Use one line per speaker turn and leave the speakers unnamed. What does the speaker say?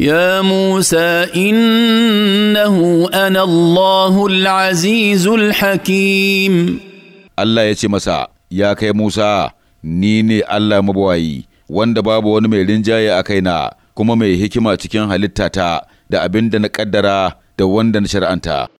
يا موسى إنه أنا الله العزيز
الحكيم ya يتي مسا يا كي موسى نيني الله مبواي wanda babu wani mai rinjaye a kaina kuma mai hikima cikin halittata da abinda na ƙaddara da wanda na shar'anta.